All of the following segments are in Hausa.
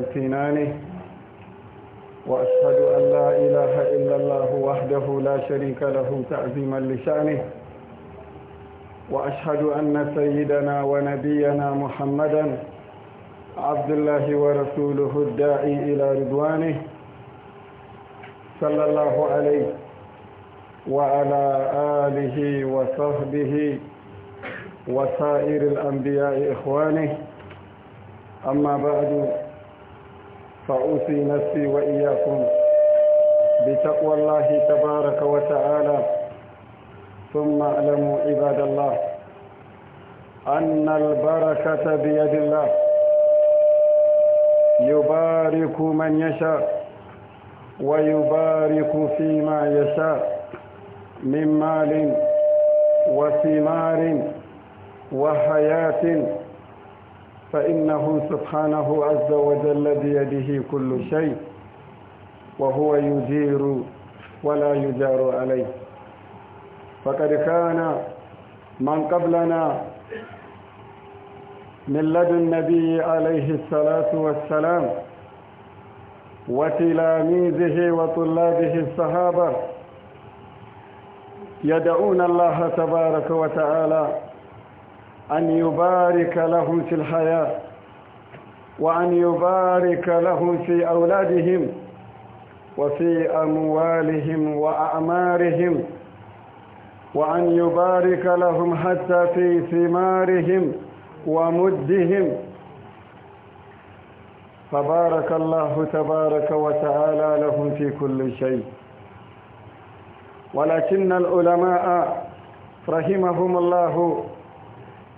امتنانه وأشهد أن لا إله إلا الله وحده لا شريك له تعظيما لشأنه وأشهد أن سيدنا ونبينا محمدا عبد الله ورسوله الداعي إلى رضوانه صلى الله عليه وعلى آله وصحبه وسائر الأنبياء إخوانه أما بعد فأوصي نفسي وإياكم بتقوى الله تبارك وتعالى ثم اعلموا عباد الله أن البركة بيد الله يبارك من يشاء ويبارك فيما يشاء من مال وثمار وحياة فإنه سبحانه عز وجل بيده كل شيء وهو يجير ولا يجار عليه فقد كان من قبلنا من لدى النبي عليه الصلاة والسلام وتلاميذه وطلابه الصحابة يدعون الله تبارك وتعالى أن يبارك لهم في الحياة وأن يبارك لهم في أولادهم وفي أموالهم وأعمارهم وأن يبارك لهم حتى في ثمارهم ومدهم فبارك الله تبارك وتعالى لهم في كل شيء ولكن العلماء رحمهم الله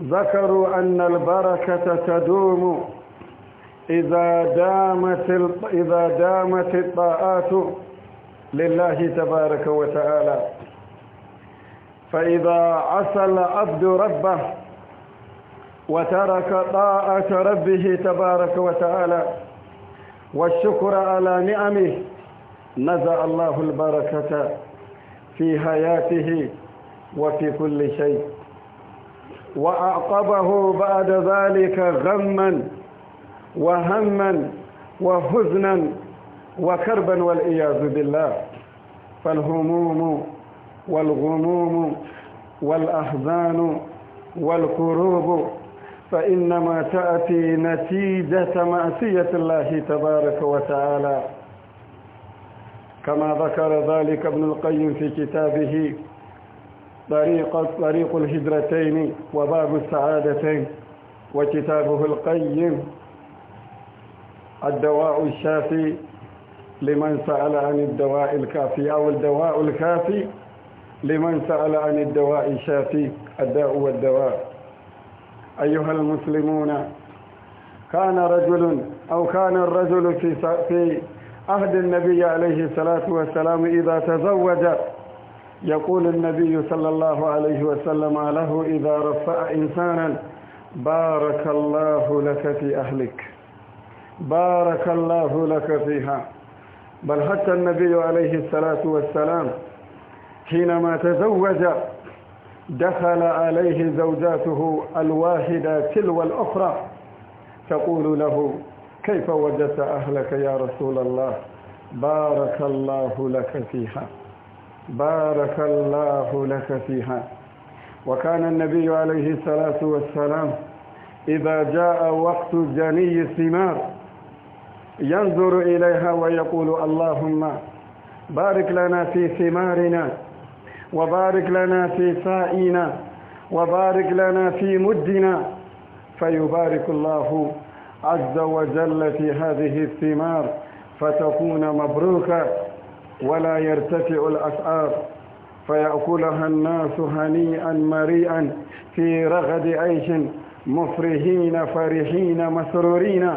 ذكروا أن البركة تدوم إذا دامت إذا دامت الطاعات لله تبارك وتعالى فإذا عصى العبد ربه وترك طاعة ربه تبارك وتعالى والشكر على نعمه نزع الله البركة في حياته وفي كل شيء وأعقبه بعد ذلك غما وهما وحزنا وكربا والعياذ بالله فالهموم والغموم والأحزان والكروب فإنما تأتي نتيجة معصية الله تبارك وتعالى كما ذكر ذلك ابن القيم في كتابه طريق طريق الهجرتين وباب السعادتين وكتابه القيم الدواء الشافي لمن سأل عن الدواء الكافي أو الدواء الكافي لمن سأل عن الدواء الشافي الداء والدواء أيها المسلمون كان رجل أو كان الرجل في في عهد النبي عليه الصلاة والسلام إذا تزوج يقول النبي صلى الله عليه وسلم له إذا رفع إنسانا بارك الله لك في أهلك بارك الله لك فيها بل حتى النبي عليه الصلاة والسلام حينما تزوج دخل عليه زوجاته الواحدة تلو الأخرى تقول له كيف وجدت أهلك يا رسول الله بارك الله لك فيها بارك الله لك فيها وكان النبي عليه الصلاة والسلام إذا جاء وقت جني الثمار ينظر إليها ويقول اللهم بارك لنا في ثمارنا وبارك لنا في سائنا وبارك لنا في مدنا فيبارك الله عز وجل في هذه الثمار فتكون مبروكة ولا يرتفع الأسعار فيأكلها الناس هنيئا مريئا في رغد عيش مفرحين فرحين مسرورين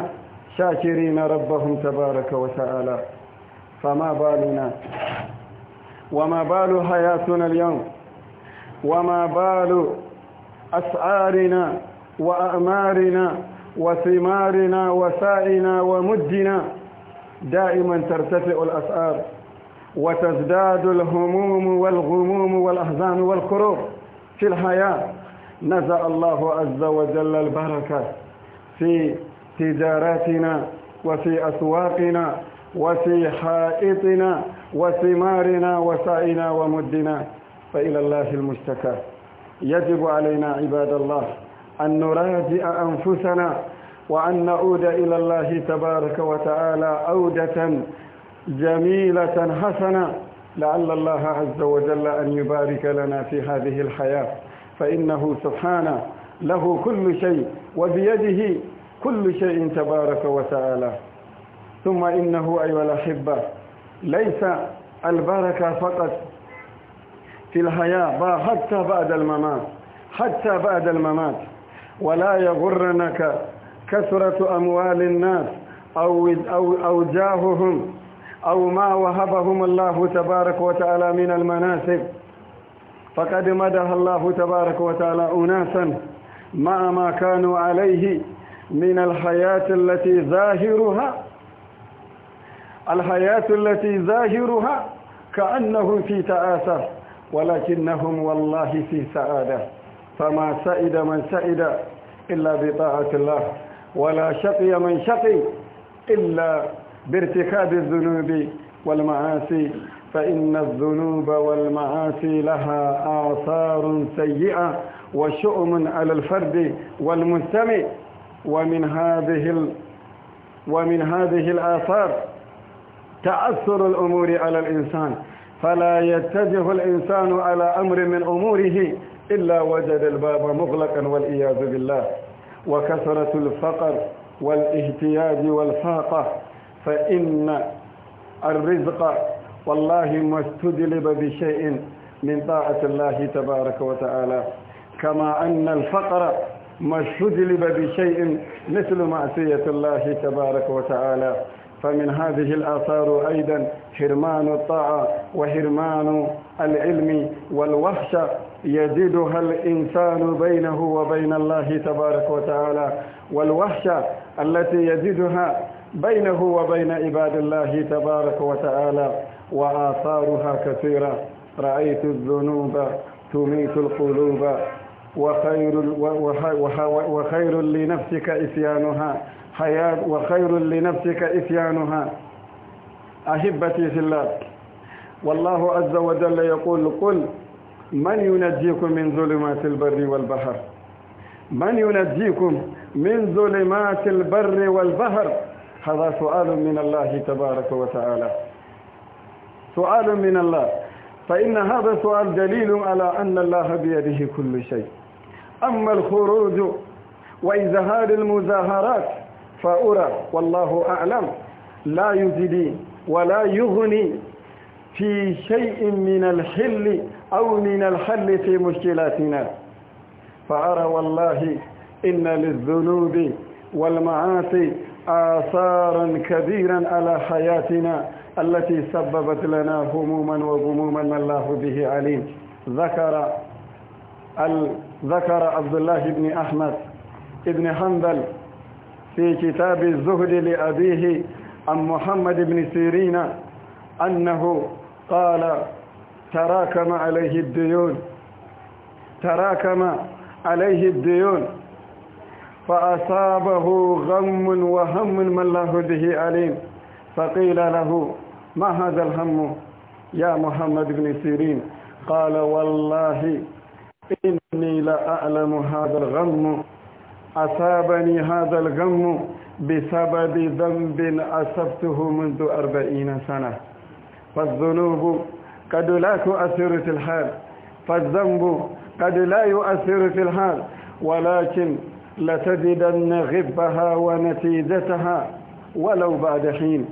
شاكرين ربهم تبارك وتعالى فما بالنا وما بال حياتنا اليوم وما بال أسعارنا وأعمارنا وثمارنا وسائنا ومدنا دائما ترتفع الأسعار وتزداد الهموم والغموم والأحزان والكروب في الحياة نزع الله عز وجل البركة في تجاراتنا وفي أسواقنا وفي حائطنا وثمارنا وسائنا ومدنا فإلى الله المشتكى يجب علينا عباد الله أن نراجع أنفسنا وأن نعود إلى الله تبارك وتعالى عودة جميلة حسنة لعل الله عز وجل أن يبارك لنا في هذه الحياة فإنه سبحانه له كل شيء وبيده كل شيء تبارك وتعالى ثم إنه أيها الأحبة ليس البركة فقط في الحياة حتى بعد الممات حتى بعد الممات ولا يغرنك كثرة أموال الناس أو, أو, أو جاههم أو ما وهبهم الله تبارك وتعالى من المناسب فقد مدها الله تبارك وتعالى أناسا مع ما كانوا عليه من الحياة التي ظاهرها الحياة التي ظاهرها كأنهم في تعاسة ولكنهم والله في سعادة فما سعد من سعد إلا بطاعة الله ولا شقي من شقي إلا بارتكاب الذنوب والمعاصي فإن الذنوب والمعاصي لها آثار سيئة وشؤم على الفرد والمجتمع ومن هذه ومن هذه الآثار تأثر الأمور على الإنسان فلا يتجه الإنسان على أمر من أموره إلا وجد الباب مغلقا والإياذ بالله وكثرة الفقر والاهتياج والفاقة فإن الرزق والله ما استدلب بشيء من طاعة الله تبارك وتعالى كما أن الفقر ما استدلب بشيء مثل معصية الله تبارك وتعالى فمن هذه الآثار أيضا حرمان الطاعة وحرمان العلم والوحشة يزيدها الإنسان بينه وبين الله تبارك وتعالى والوحشة التي يزيدها بينه وبين عباد الله تبارك وتعالى وآثارها كثيرة رأيت الذنوب تميت القلوب وخير, وخير لنفسك إسيانها حياة وخير لنفسك إسيانها أحبتي في الله والله عز وجل يقول قل من ينجيكم من ظلمات البر والبحر من ينجيكم من ظلمات البر والبحر هذا سؤال من الله تبارك وتعالى سؤال من الله فإن هذا سؤال دليل على أن الله بيده كل شيء أما الخروج وإزهار المزاهرات فأرى والله أعلم لا يزدي ولا يغني في شيء من الحل أو من الحل في مشكلاتنا فأرى والله إن للذنوب والمعاصي آثارا كبيرا على حياتنا التي سببت لنا هموما وغموما ما الله به عليم ذكر ذكر عبد الله بن أحمد بن حنبل في كتاب الزهد لأبيه عن محمد بن سيرين أنه قال تراكم عليه الديون تراكم عليه الديون فأصابه غم وهم من الله به عليم فقيل له ما هذا الهم يا محمد بن سيرين قال والله إني لأعلم هذا الغم أصابني هذا الغم بسبب ذنب أصبته منذ أربعين سنة فالذنوب قد لا تؤثر في الحال فالذنب قد لا يؤثر في الحال ولكن لتجدن غبها ونتيجتها ولو بعد حين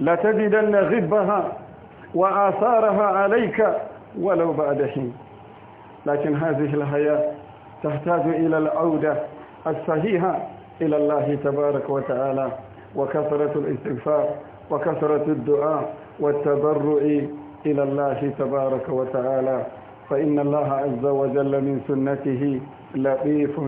لتجدن غبها وآثارها عليك ولو بعد حين لكن هذه الحياة تحتاج إلى العودة الصحيحة إلى الله تبارك وتعالى وكثرة الاستغفار وكثرة الدعاء والتبرع إلى الله تبارك وتعالى فإن الله عز وجل من سنته لطيف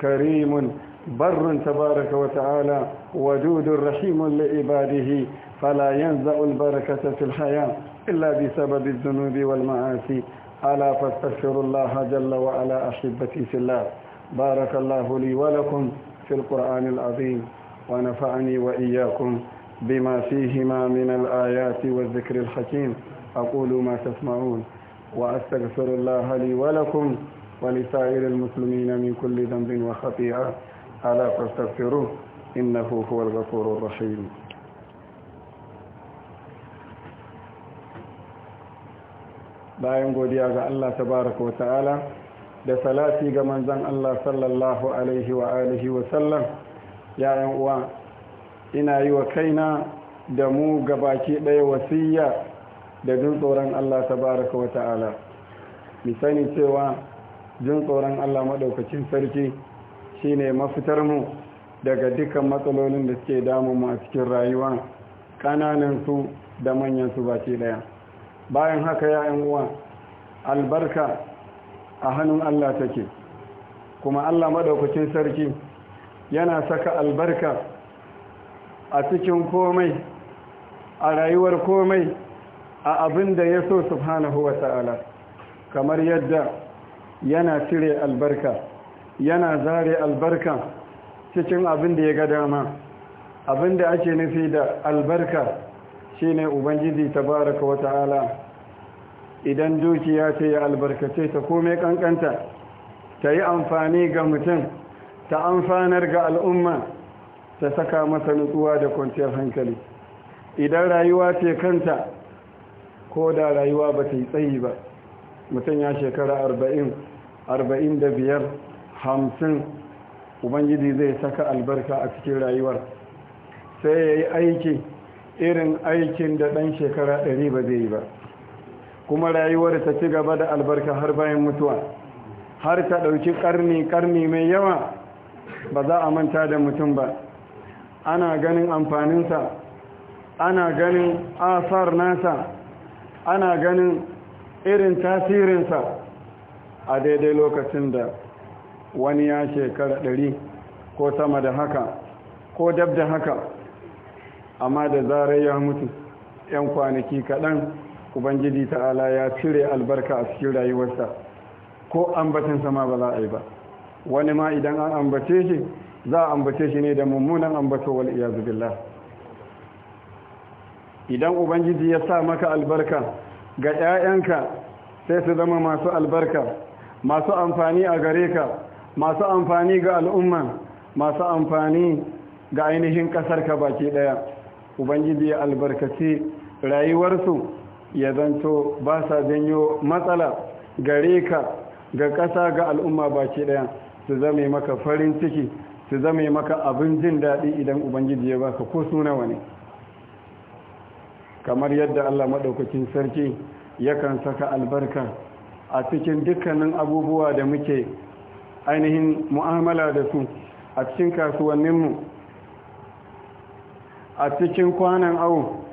كريم بر تبارك وتعالى ودود رحيم لعباده فلا ينزع البركة في الحياة إلا بسبب الذنوب والمعاصي ألا فاستغفروا الله جل وعلا أحبتي في الله بارك الله لي ولكم في القرآن العظيم ونفعني وإياكم بما فيهما من الآيات والذكر الحكيم أقول ما تسمعون وأستغفر الله لي ولكم ولسائر المسلمين من كل ذنب وخطيئة ألا فاستغفروه إنه هو الغفور الرحيم bayan godiya ga Allah tabaraka wa ta'ala da salati ga manzon Allah sallallahu alaihi wa alihi wa sallam yayan uwa ina yi wa kaina da mu gabaki ɗaya wasiya da jin tsoron Allah tabaraka wa ta'ala mi sani cewa jin tsoron Allah maɗaukacin sarki shine mafitar mu daga dukkan matsalolin da suke damun mu a cikin rayuwa ƙananan su da manyan su baki ɗaya bayan haka ya uwa albarka a hannun Allah take kuma Allah maɗaukacin sarki yana saka albarka a cikin komai a rayuwar komai a abin da ya so subhanahu wa ta'ala kamar yadda yana cire albarka yana zare albarka cikin abin da ya ga dama abin da ake nufi da albarka shine ubangiji tabaraka wata'ala idan dukiya ce ya albarkace ta komai kankanta ta yi amfani ga mutum ta amfanar ga al'umma ta saka masa nutsuwa da kwanciyar hankali idan rayuwa ce kanta ko da rayuwa ba ta yi tsayi ba mutum ya shekara arba'in arba'in da biyar hamsin ubangiji zai saka albarka a cikin rayuwar sai ya yi aiki irin aikin da ɗan shekara ɗari ba zai yi ba kuma rayuwar ta ci gaba da albarka har bayan mutuwa har ta ɗauki ƙarni-ƙarni mai yawa ba za a manta da mutum ba ana ganin amfaninsa ana ganin asar nasa ana ganin irin tasirinsa a daidai lokacin da wani ya shekara ɗari ko sama da haka ko dab da haka amma da zarar ya mutu 'yan kwanaki kaɗan ubangiji ta'ala ya cire albarka a cikin rayuwarsa ko ambacin sama ba za a yi ba wani ma idan an ambace shi za a ambace shi ne da mummunan ambato wal iyazu billah idan ubangiji ya sa maka albarka ga 'ya'yanka sai su zama masu albarka masu amfani a gare ka masu amfani ga al'umma masu amfani ga ainihin ƙasarka baki ɗaya ubangiji ya albarkaci rayuwarsu ya zanto ba sa janyo matsala gare ka ga ƙasa ga al'umma baki ɗaya su zame maka farin ciki su zame maka abin jin daɗi idan ubangiji ya baka ko suna wani kamar yadda allah maɗaukacin sarki yakan saka albarka a cikin dukkanin abubuwa da muke ainihin mu'amala da su a cikin kasuwanninmu a cikin kwanan awu,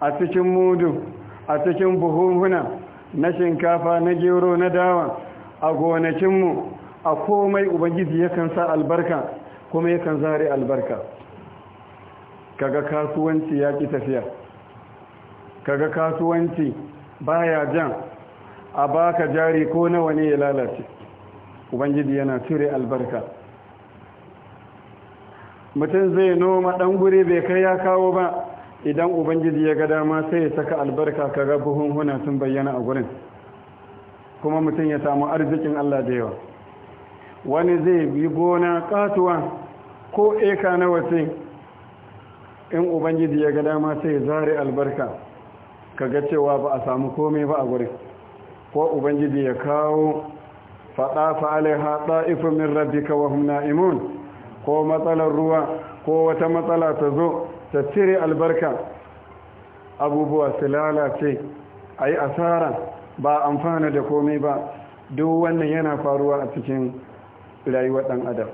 a cikin mudu a cikin buhuhuna na shinkafa na gero na dawa a gonakinmu a komai ubangiji yakan sa albarka kuma yakan zare albarka kaga kasuwanci ya ƙi tafiya kaga kasuwanci baya jan a baka jari ko nawa ne ya lalace ubangiji yana cire albarka mutum zai noma ɗan guri bai kai ya kawo ba idan ubangiji ya ga dama sai ya saka albarka ka ga buhunhuna sun bayyana a gurin kuma mutum ya samu arzikin allah da yawa wani zai yi gona katuwa ko eka na wasu in ubangiji ya ga dama sai ya zare albarka kaga cewa ba a samu komai ba a gurin ko ubangiji ya kawo faɗa fa'alai haɗa ifin min rabbika wa na'imun ko matsalar ruwa ko wata matsala ta zo ta cire albarka abubuwa su lalace a yi asara ba amfana da komai ba duk wannan yana faruwa a cikin rayuwar ɗan adam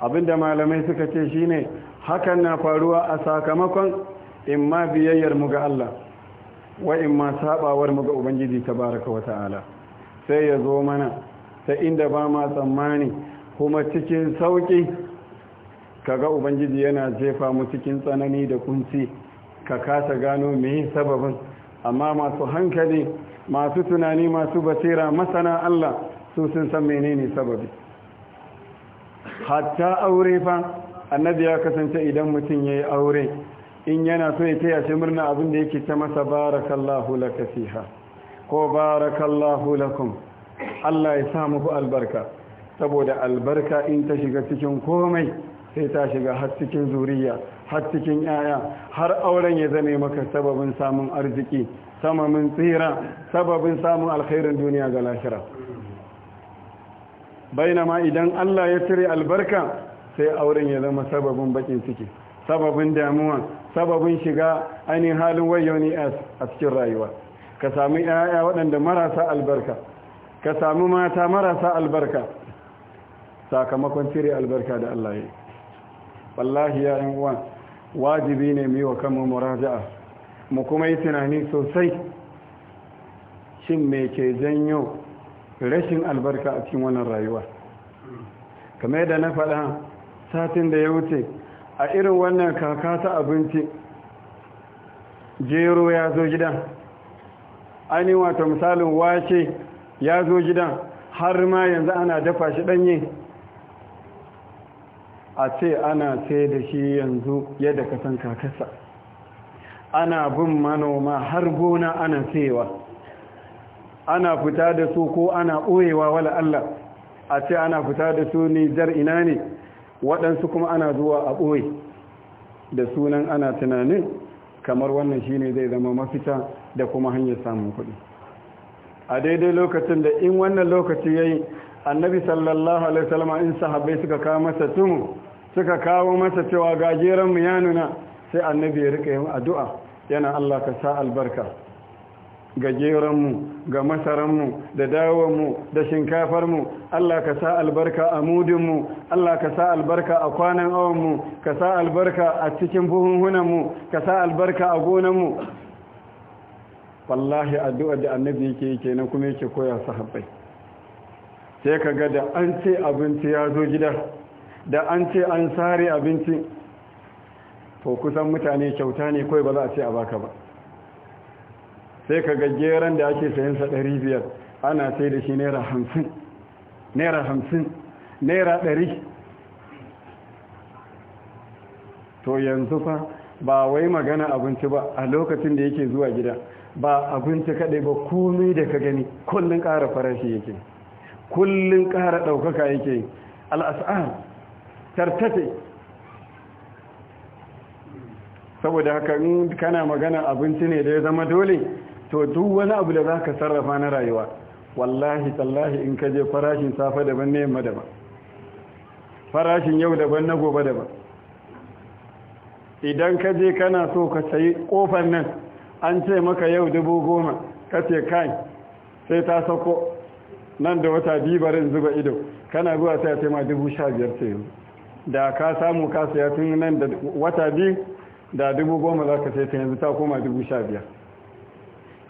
abinda malamai suka ce shine hakan na faruwa a sakamakon ma biyayyar mu ga Allah wa'in ma sabawar muga ubangiji baraka wa ta'ala sai ya zo mana ta inda ba ma tsammani kuma cikin sauki kaga ubangiji yana jefa mu cikin tsanani da kunci ka kasa gano meye sababin amma masu hankali masu tunani masu basira masana Allah su sun san menene sababi hatta aure fa annabi ya kasance idan mutum yayi aure in yana so ya taya shi murna abin da yake ta masa barakallahu laka fiha ko barakallahu lakum Allah ya samu ku albarka saboda albarka in ta shiga cikin komai sai ta shiga har cikin zuriya har cikin yaya har auren ya zame maka sababin samun arziki samamin tsira sababin samun alkhairin duniya ga lahira bainama idan Allah ya cire albarka sai auren ya zama sababin bakin ciki sababin damuwa sababin shiga ainihin halin wayoni a cikin rayuwa ka sami 'ya'ya waɗanda marasa albarka ka sami mata marasa albarka sakamakon cire albarka da Allah ya wallahi ya uwa wajibi ne mu yi wa kanmu muraja'a mu kuma yi tunani sosai shin me ke janyo rashin albarka a cikin wannan rayuwa kamar yadda na faɗa satin da ya wuce a irin wannan kaka ta abinci jero ya zo gidan ainihin wata misalin wace ya zo gidan har ma yanzu ana dafa shi danye a ce ana sai da shi yanzu yadda ka san kakasa ana bin manoma har gona ana sayewa ana fita da su ko ana ɓoyewa wala Allah a ce ana fita da su ne jar ina ne waɗansu kuma ana zuwa a ɓoye da sunan ana tunanin kamar wannan shine zai zama mafita da kuma hanyar samun kuɗi a daidai lokacin da in wannan lokaci ya yi annabi sallallahu alaihi salama in sahabai suka kawo masa tumu suka kawo masa cewa gajeren mu ya nuna sai annabi ya rika yin addu'a yana Allah ka sa albarka ga geronmu ga masaranmu da dawonmu da shinkafarmu Allah ka sa albarka a mudinmu Allah ka sa albarka a kwanan awonmu ka sa albarka a cikin buhunhunanmu ka sa albarka a gonanmu wallahi addu'ar da annabi yake yi kenan kuma yake koya sahabbai sai ka ga da an ce abinci ya zo gida da an ce an sare abinci to kusan mutane kyauta ne kawai ba za a ce a baka ba sai ka ga geran da ake sayan sa 500 ana sai da shi naira 50 naira 50 naira 100 to yanzu fa ba wai magana abinci ba a lokacin da yake zuwa gida ba abinci kaɗai ba komai da ka gani kullun ƙara farashi yake kullun ƙara ɗaukaka yake al'as'ar tartate. saboda haka kana magana abinci ne da ya zama dole to duk wani abu da za ka sarrafa na rayuwa wallahi tallahi in ka je farashin safa daban ne yamma daban farashin yau daban na gobe daban idan ka je kana so ka sayi kofar nan an ce maka yau dubu goma ka ce kai sai ta sako nan da wata bibarin zuba ido kana zuwa sai a ce ma dubu sha biyar ce da ka samu ka saya tun nan da wata biyu da dubu goma za ka sai ta yanzu ta koma dubu sha biyar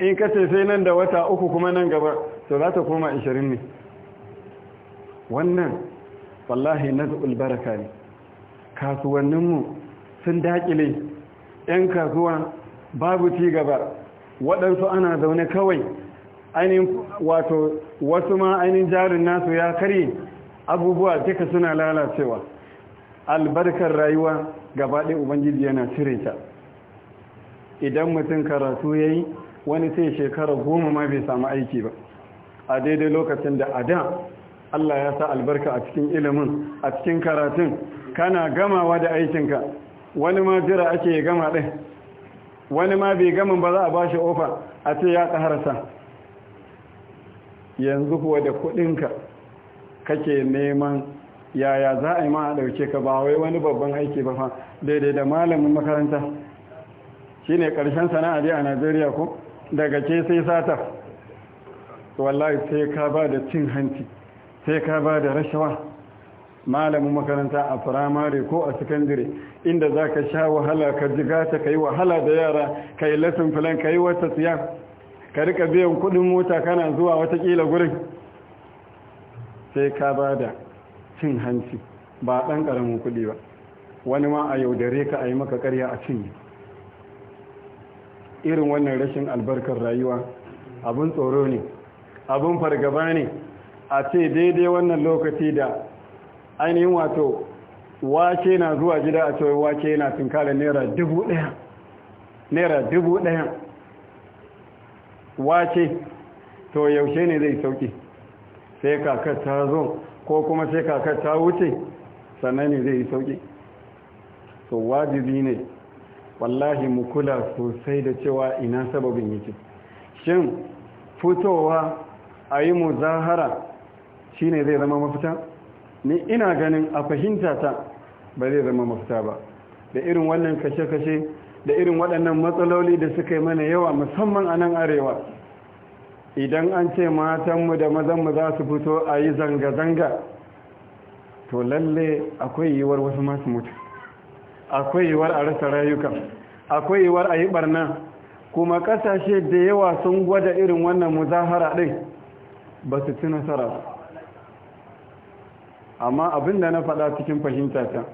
in ka ce sai nan da wata uku kuma nan gaba to za ta koma 20 ne wannan wallahi na naz'ul baraka ne kasuwanninmu sun dakile yan kasuwa babu ci gaba waɗansu ana zaune kawai ainihin wato wasu ma ainihin jarin nasu ya karye abubuwa duka suna lalacewa albarkar rayuwa gabaɗe ubangiji yana cire ta idan mutum karatu ya yi wani sai shekara goma ma bai samu aiki ba a daidai lokacin da a da Allah ya sa albarka a cikin ilimin a cikin karatun kana gamawa da aikinka wani ma jira ake gama ɗin wani ma bai gama ba za a bashi ofa a ce ya ƙaharsa yanzu kuwa da kuɗinka kake neman yaya za a yi ma a ɗauke ka ba wai wani babban aiki ba fa daidai da malamin makaranta shi ne ƙarshen sana'a dai a najeriya ko daga ke sai sata wallahi sai ka ba da cin hanci sai ka ba da rashawa malamin makaranta a firamare ko a sakandire inda za ka sha wahala ka jigata ka yi wahala da yara ka yi lasin filan ka yi wata siya ka rika biyan kudin mota kana zuwa watakila gurin sai ka ba da cin hanci ba ɗan ƙaramin kuɗi ba wani ma a yaudare ka a yi maka karya a cinye irin wannan rashin albarkar rayuwa abin tsoro ne abin fargaba ne a ce daidai wannan lokaci da ainihin wato wace na zuwa gida a cewa wace na tunkara naira dubu ɗaya naira dubu daya wake to yaushe ne zai sauki sai kakar ta zo ko kuma sai kakar ta wuce sannan ne zai sauki to wajibi ne wallahi mu kula sosai da cewa ina sababin yake shin fitowa a yi muzahara shi ne zai zama mafita ni ina ganin a fahimta ta ba zai zama mafita ba da irin wannan kashe-kashe da irin waɗannan matsaloli da suka yi mana yawa musamman a nan arewa idan an ce matanmu da mazanmu za su fito a yi zanga-zanga to lalle akwai yiwuwar wasu masu mutu akwai yiwuwar a rasa rayuka akwai yiwuwar a yi barna kuma kasashe da yawa sun gwada irin wannan muzahara din ba su ci nasara amma abin da na faɗa cikin fahimtata ta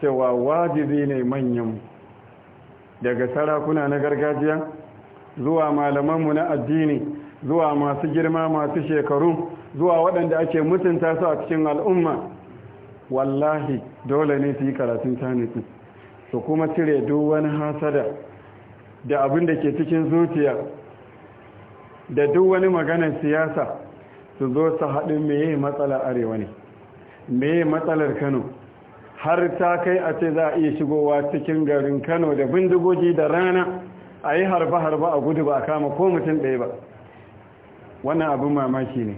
cewa wajibi ne manyan daga sarakuna na gargajiya zuwa malamanmu na addini zuwa masu girma masu shekaru zuwa waɗanda ake mutunta su a cikin al'umma wallahi dole ne su yi karatun taniki su kuma cire duk wani hasada da abin da ke cikin zuciya da duk wani maganar siyasa su zo su haɗu yi matsala arewa ne yi matsalar kano har ta kai a ce za a iya shigowa cikin garin kano da bindigogi da rana a yi harba-harba a gudu ba a kama ko mutum ɗaya ba wannan abin mamaki ne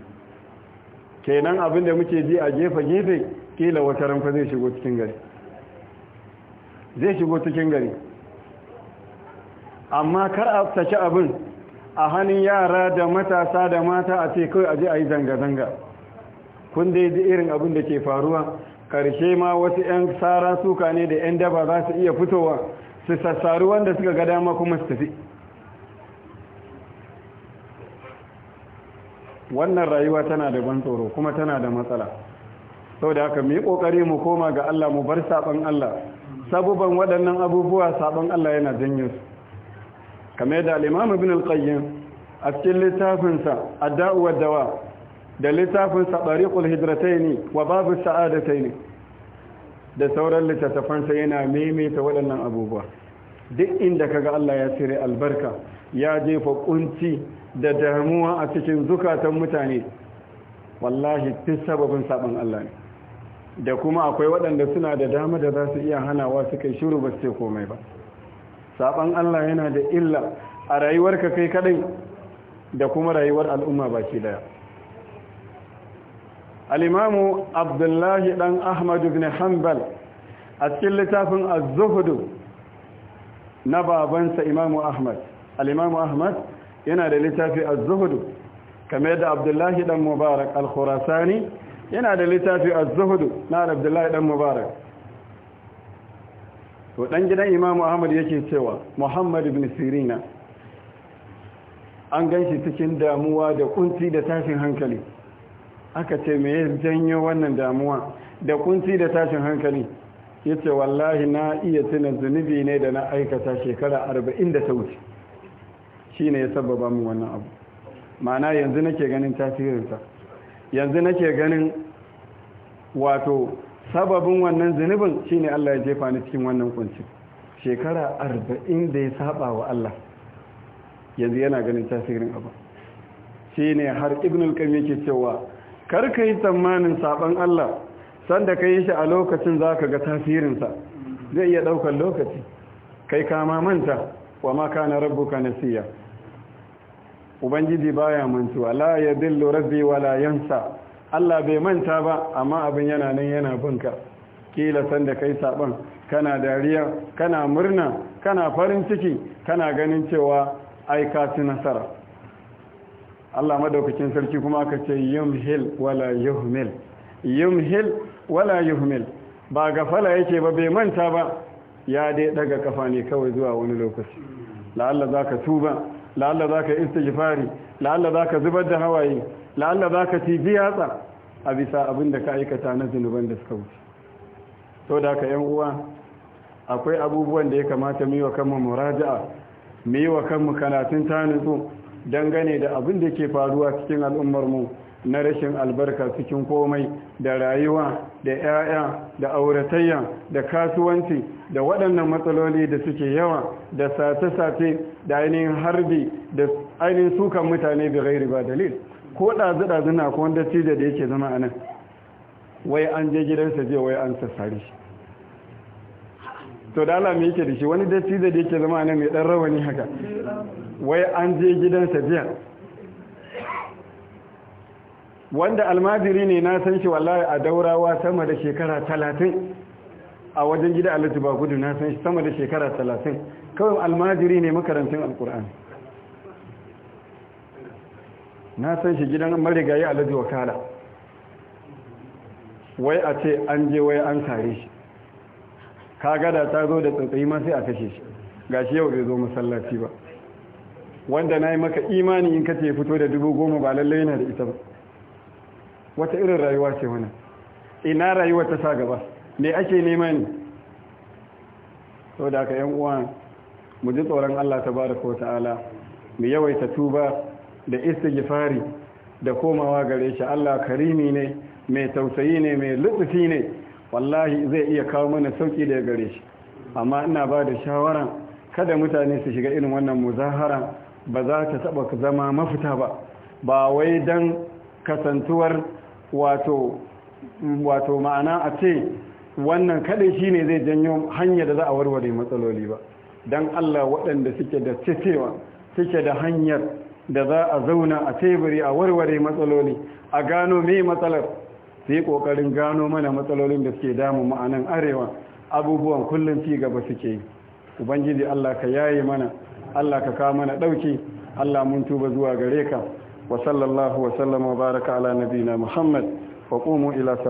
kenan abin da muke ji a gefe-gefe kila wata ranka zai shigo cikin gari zai shigo cikin gari amma kar a saki abin a hannun yara da matasa da mata a ce kawai aje a yi zanga-zanga kun dai ji irin abin da ke faruwa karshe ma wasu 'yan tsara suka ne da 'yan daba za su iya fitowa su sassaru wanda suka ga dama kuma su tafi wannan rayuwa tana da ban tsoro kuma tana da matsala saboda haka mu yi kokari mu koma ga Allah mu bar saban Allah sabuban waɗannan abubuwa saban Allah yana janyo su kamar yadda al-Imam Ibn a cikin littafinsa Ad-Da'u wad-Dawa da littafinsa Tariqul Hijratayn wa Babu Sa'adatayn da sauran littattafansa yana maimaita waɗannan abubuwa duk inda ka ga Allah ya cire albarka ya jefa ƙunci da damuwa a cikin zukatan mutane wallahi duk sababin saɓin Allah ne da kuma akwai waɗanda suna da dama da za su iya hanawa suka yi shiru ba su komai ba saɓan Allah yana da illa a rayuwarka kai kaɗai. da kuma rayuwar al'umma baki daya al-imamu abdullahi ɗan Ahmadu bin hanbal a cikin littafin az na babansa imamu ahmad Alimamu ahmad yana da littafi azuhudu zuhd kamar da abdullahi dan mubarak al-khurasani yana da littafi a zuhudu na Abdullahi dan Mubarak to dan gidan Imam Ahmad yake cewa Muhammad ibn Sirina an ganshi cikin damuwa da kunci da tashin hankali aka ce me ya janyo wannan damuwa da kunci da tashin hankali yace wallahi na iya tunan zunubi ne da na aikata shekara 40 da ta wuce shine ya sababa min wannan abu ma'ana yanzu nake ganin tasirinsa yanzu nake ganin wato sababin wannan zunubin shine Allah ya jefa ni cikin wannan kunci shekara arba'in da ya saba wa Allah yanzu yana ganin tasirin abu shine har ibn al-qayyim yake cewa kar ka yi tsammanin saban Allah sanda ka yi shi a lokacin zaka ga tasirinsa zai iya daukar lokaci kai kama manta wa ma kana rabbuka nasiya ubangiji baya mantuwa la yadillu rabbi wala yansa Allah bai manta ba amma abin yana nan yana binka kila san da kai saban kana dariya kana murna kana farin ciki kana ganin cewa ai ka ci nasara Allah madaukakin sarki kuma ka ce yumhil wala yuhmil yumhil wala yuhmil ba gafala yake ba bai manta ba ya dai daga kafa ne kawai zuwa wani lokaci la'alla ka tuba la'alla za ka istighfari la'alla za ka zubar da hawaye la'alla za ka ci biyatsa a bisa abin da ka aikata na zunuban da suka wuce to da ka yan uwa akwai abubuwan da ya kamata mu yi wa kanmu muraja'a mu yi wa kanmu kanatun ta dangane da abin da ke faruwa cikin al'ummar mu na rashin albarka cikin komai da rayuwa da 'ya'ya da auratayya da kasuwanci da waɗannan matsaloli da suke yawa da sace-sace da ainihin harbi da ainihin sukan mutane da gairi ba dalil ko ɗazu-ɗazu na ko wanda cije da yake zama a nan wai an je gidansa je wai an sassari shi to da ala yake da shi wani dattijo da yake zama a nan mai ɗan rawani haka wai an je gidansa jiya wanda almajiri ne na san shi wallahi a daurawa sama da shekara talatin a wajen gida alhaji ba gudu na san shi sama da shekara talatin kawai almajiri ne makarantun alkur'an na san shi gidan marigayi alhaji wakala wai a ce an je wai an kare shi Ka gada ta zo da tsantsayi ma sai a kashe shi gashi yau bai zo masallaci ba wanda na yi maka imani in ka ce fito da dubu goma ba lallai yana da ita ba wata irin rayuwa ce wani ina rayuwa ta sa gaba ne ake neman sau da ka yan uwa mu ji tsoron Allah Ta tabaraka ko ta'ala mu yawaita tuba da gifari da komawa gare shi Allah karimi ne mai tausayi ne mai lutsufi ne wallahi zai iya kawo mana sauki da gare shi amma ina ba da shawara kada mutane su shiga irin wannan muzahara ba za ta taba zama mafita ba ba wai don kasantuwar wato ma'ana a ce wannan kadai shine zai janyo hanyar da za a warware matsaloli ba don Allah waɗanda suke da cewa suke da hanyar da za a zauna a teburi a warware matsaloli a gano mai matsalar su yi ƙoƙarin gano mana matsalolin da suke damu ma'anan arewa abubuwan kullum ci gaba suke ubangiji Allah ka yaye mana Allah ka kawo mana ɗauki Allah mun tuba zuwa gare ka وصلى الله وسلم وبارك على نبينا محمد وقوموا إلى صلاة